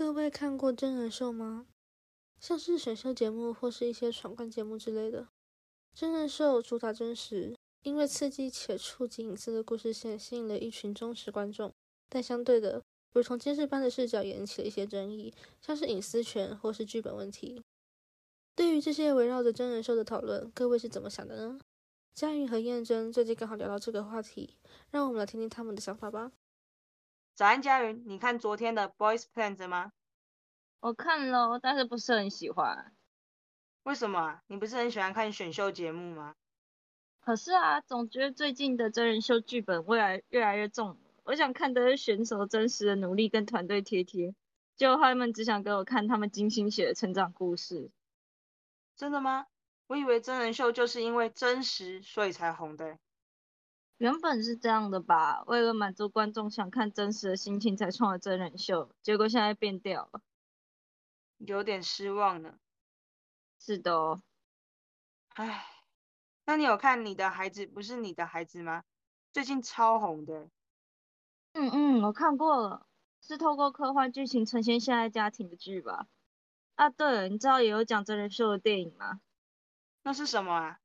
各位看過真人秀嗎？像是選秀節目或是一些闖關節目之類的。真人秀主打真實，因為刺激且觸及隱私的故事線，吸引了一群忠實觀眾。但相對的，如同監視般的視角，引起了一些爭議，像是隱私權或是劇本問題。對於這些圍繞着真人秀的討論，各位是怎麼想的呢？嘉雲和彥蓁最近剛好聊到這個話題，讓我們來聽聽他們的想法吧。早安，嘉雲，你看昨天的 Boys Planet 嗎？我看咯，但是不是很喜歡。為什麼啊？你不是很喜歡看選秀節目嗎？可是啊，總覺得最近的真人秀劇本越來越來越重。我想看的是選手真實的努力跟團隊貼貼，結果他們只想給我看他們精心寫的成長故事。真的嗎？我以為真人秀就是因為真實，所以才紅的。原本是這樣的吧，為了滿足觀眾想看真實的心情才創了真人秀，結果現在變調了，有點失望了。是的哦，唉，那你有看你的孩子不是你的孩子嗎？最近超紅的欸。嗯嗯，我看過了，是透過科幻劇情呈現現，現在家庭的劇吧？啊，對了，你知道也有講真人秀的電影嗎？那是什麼啊？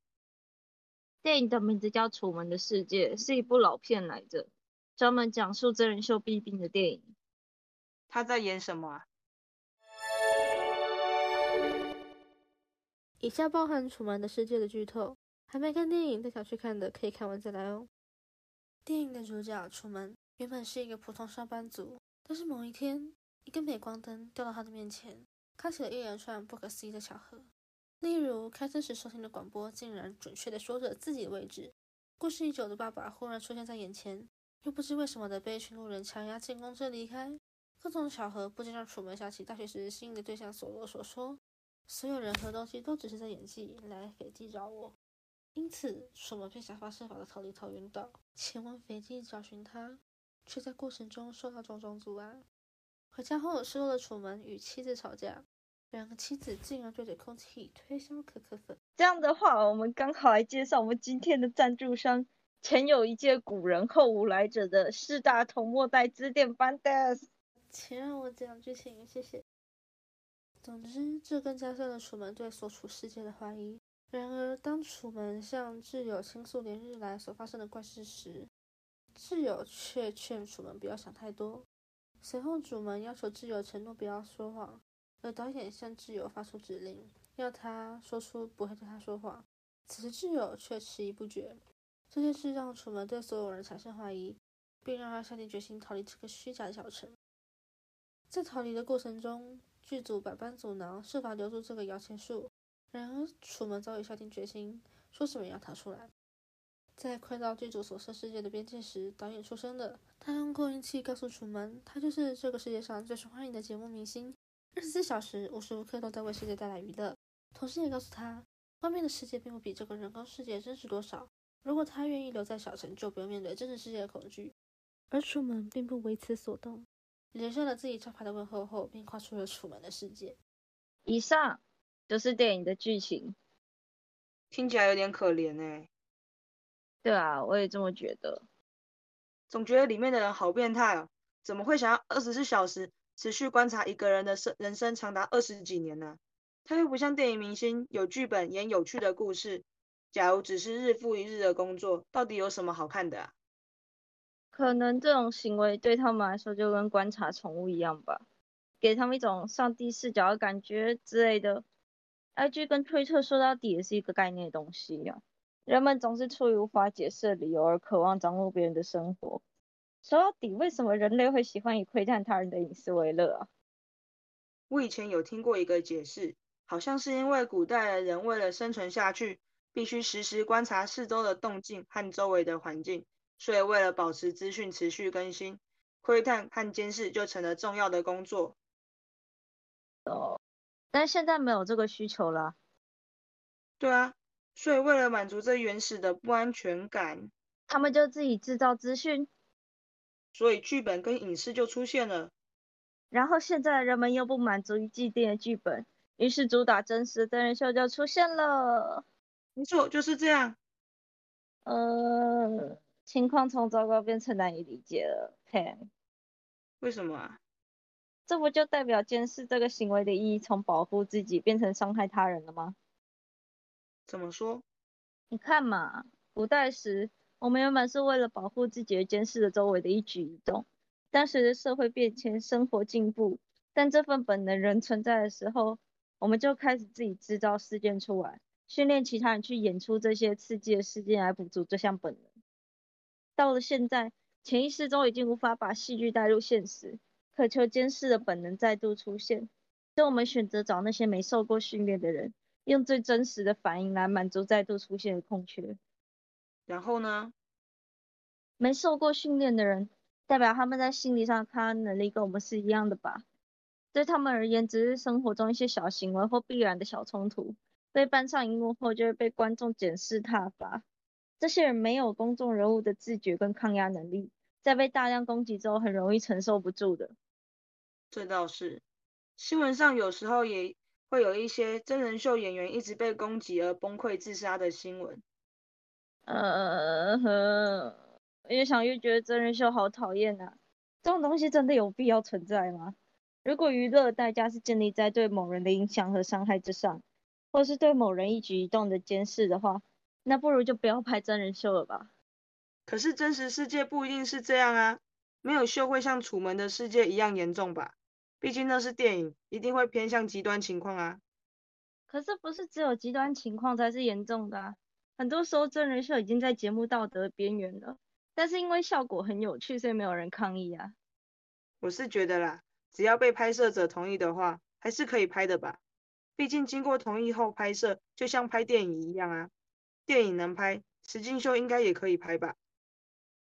電影的名字叫《楚門的世界》，是一部老片來着，專門講述真人秀弊病的電影。他在演什麼啊？以下包含《楚門的世界》的劇透，還沒看電影但想去看的可以看完再來哦。電影的主角楚門原本是一個普通上班族，但是某一天，一個鎂光燈掉到他的面前，開啟了一連串不可思議的巧合。例如，開車時收聽的廣播竟然準確地說着自己的位置。故事已久的爸爸忽然出現在眼前，又不知為什麼的被一群路人強壓進公車離開。各種巧合不禁讓楚門想起大學時心儀的對象索羅所說：“所有人和東西都只是在演技來斐濟找我。”因此，楚門便想方設法的逃離桃源島，前往斐濟找尋她，卻在過程中受到種種阻礙。回家後，失落的楚門與妻子吵架。兩個妻子竟然對着空氣推銷可可粉。這樣的話，我們剛好來介紹我們今天的贊助商，前有一屆古人，後無來者的四大同模代資點 b 的。請讓我講劇情，謝謝。總之，這更加深了楚門對所處世界的懷疑。然而，當楚門向摯友傾訴連日來所發生的怪事時，摯友卻勸楚門不要想太多。隨後，楚門要求摯友承諾不要說謊。而導演向摯友發出指令，要他說出不會對他說謊。此時，摯友卻遲疑不決。這件事讓楚門對所有人產生懷疑，並讓他下定決心逃離這個虛假的小城。在逃離的過程中，劇組百般阻撓，設法留住這個搖錢樹。然而，楚門早已下定決心，說什麼也要逃出來。在快到劇組所設世界的邊界時，導演出聲了，他用擴音器告訴楚門，他就是這個世界上最受歡迎的節目明星。二十四小時，無時無刻都在為世界帶來娛樂。同時也告訴他，外面的世界並不比這個人工世界真實多少。如果他願意留在小城，就不用面對真實世界的恐懼。而楚門並不為此所動，留下了自己招牌的問候後，便跨出了楚門的世界。以上就是電影的劇情。聽起來有點可憐哎。對啊，我也這麼覺得。總覺得裡面的人好變態啊！怎麼會想要二十四小時？持續觀察一個人的生人生長達二十幾年呢、啊，他又不像電影明星有劇本演有趣的故事。假如只是日復一日的工作，到底有什麼好看的啊？可能這種行為對他們來說就跟觀察寵物一樣吧，給他們一種上帝視角的感覺之類的。IG 跟推特說到底也是一個概念的東西啊，人們總是出於無法解釋的理由而渴望掌握別人的生活。說到底，為什麼人類會喜歡以窺探他人的隱私為樂啊？我以前有聽過一個解釋，好像是因為古代的人為了生存下去，必須時時觀察四周的動靜和周圍的環境，所以為了保持資訊持續更新，窺探和監視就成了重要的工作。哦，但現在沒有這個需求了。對啊，所以為了滿足這原始的不安全感，他們就自己製造資訊。所以劇本跟影視就出現了，然後現在人們又不滿足於既定的劇本，於是主打真實的真人秀就出現了。沒錯，就是這樣。嗯、呃，情況從糟糕變成難以理解了。嘿，為什麼啊？這不就代表監視這個行為的意義從保護自己變成傷害他人了嗎？怎麼說？你看嘛，古代時。我們原本是為了保護自己而監視着周圍的一舉一動，但隨着社會變遷、生活進步，但這份本能仍存在的時候，我們就開始自己制造事件出來，訓練其他人去演出這些刺激的事件來補足這項本能。到了現在，潛意識中已經無法把戲劇帶入現實，渴求監視的本能再度出現，所以我們選擇找那些沒受過訓練的人，用最真實的反應來滿足再度出現的空缺。然後呢，沒受過訓練的人，代表他們在心理上，抗壓能力跟我們是一樣的吧？對他們而言，只是生活中一些小行為或必然的小衝突，被搬上熒幕後，就會被觀眾檢視撻伐。這些人沒有公眾人物的自覺跟抗壓能力，在被大量攻擊之後，很容易承受不住的。這倒是，新聞上有時候也會有一些真人秀演員一直被攻擊而崩潰自殺的新聞。Uh, 嗯哼，越想越覺得真人秀好討厭吶。這種東西真的有必要存在嗎？如果娛樂的代價是建立在對某人的影響和傷害之上，或是對某人一舉一動的監視的話，那不如就不要拍真人秀了吧。可是真實世界不一定是這樣啊，沒有秀會像《楚門的世界》一樣嚴重吧？畢竟那是電影，一定會偏向極端情況啊。可是不是只有極端情況才是嚴重的啊。很多時候真人秀已經在節目道德邊緣了，但是因為效果很有趣，所以沒有人抗議啊。我是覺得啦，只要被拍攝者同意的話，還是可以拍的吧？畢竟經過同意後拍攝，就像拍電影一樣啊。電影能拍，實境秀應該也可以拍吧？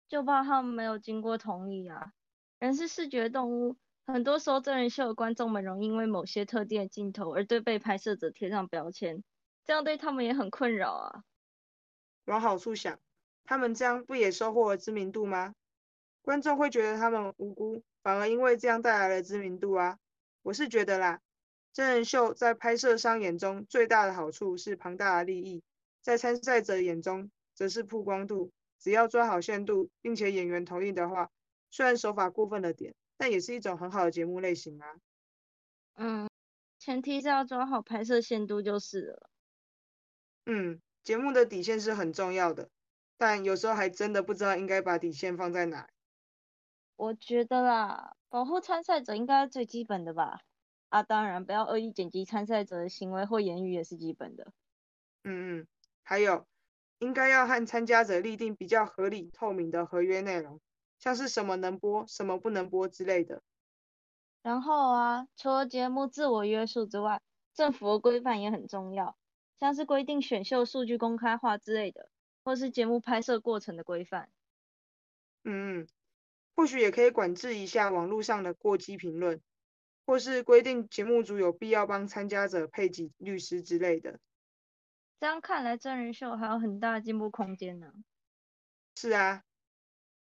就怕他們沒有經過同意啊。人是視覺動物，很多時候真人秀的觀眾們容易因為某些特定的鏡頭而對被拍攝者貼上標籤，這樣對他們也很困擾啊。往好處想，他們這樣不也收穫了知名度嗎？觀眾會覺得他們無辜，反而因為這樣帶來了知名度啊！我是覺得啦，真人秀在拍攝商眼中最大的好處是龐大的利益，在參賽者眼中則是曝光度。只要抓好限度，並且演員同意的話，雖然手法過分了點，但也是一種很好的節目類型啊。嗯，前提是要抓好拍攝限度就是了。嗯。節目的底線是很重要的，但有時候還真的不知道應該把底線放在哪。我覺得啦，保護參賽者應該是最基本的吧。啊，當然，不要惡意剪輯參賽者的行為或言語也是基本的。嗯嗯，還有，應該要和參加者立定比較合理、透明的合約內容，像是什麼能播、什麼不能播之類的。然後啊，除了節目自我約束之外，政府的規範也很重要。像是規定選秀數據公開化之類的，或是節目拍攝過程的規範。嗯，或許也可以管制一下網絡上的過激評論，或是規定節目組有必要幫參加者配幾律師之類的。這樣看來，真人秀還有很大的進步空間呢。是啊，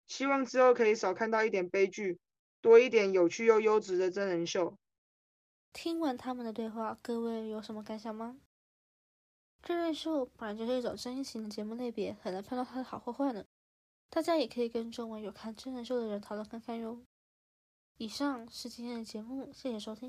希望之後可以少看到一點悲劇，多一點有趣又優質的真人秀。聽完他們的對話，各位有什麼感想嗎？真人秀本來就是一種爭議型的節目類別，很難判斷它的好或壞呢。大家也可以跟周圍有看真人秀的人討論看看喲。以上是今天的節目，謝謝收聽。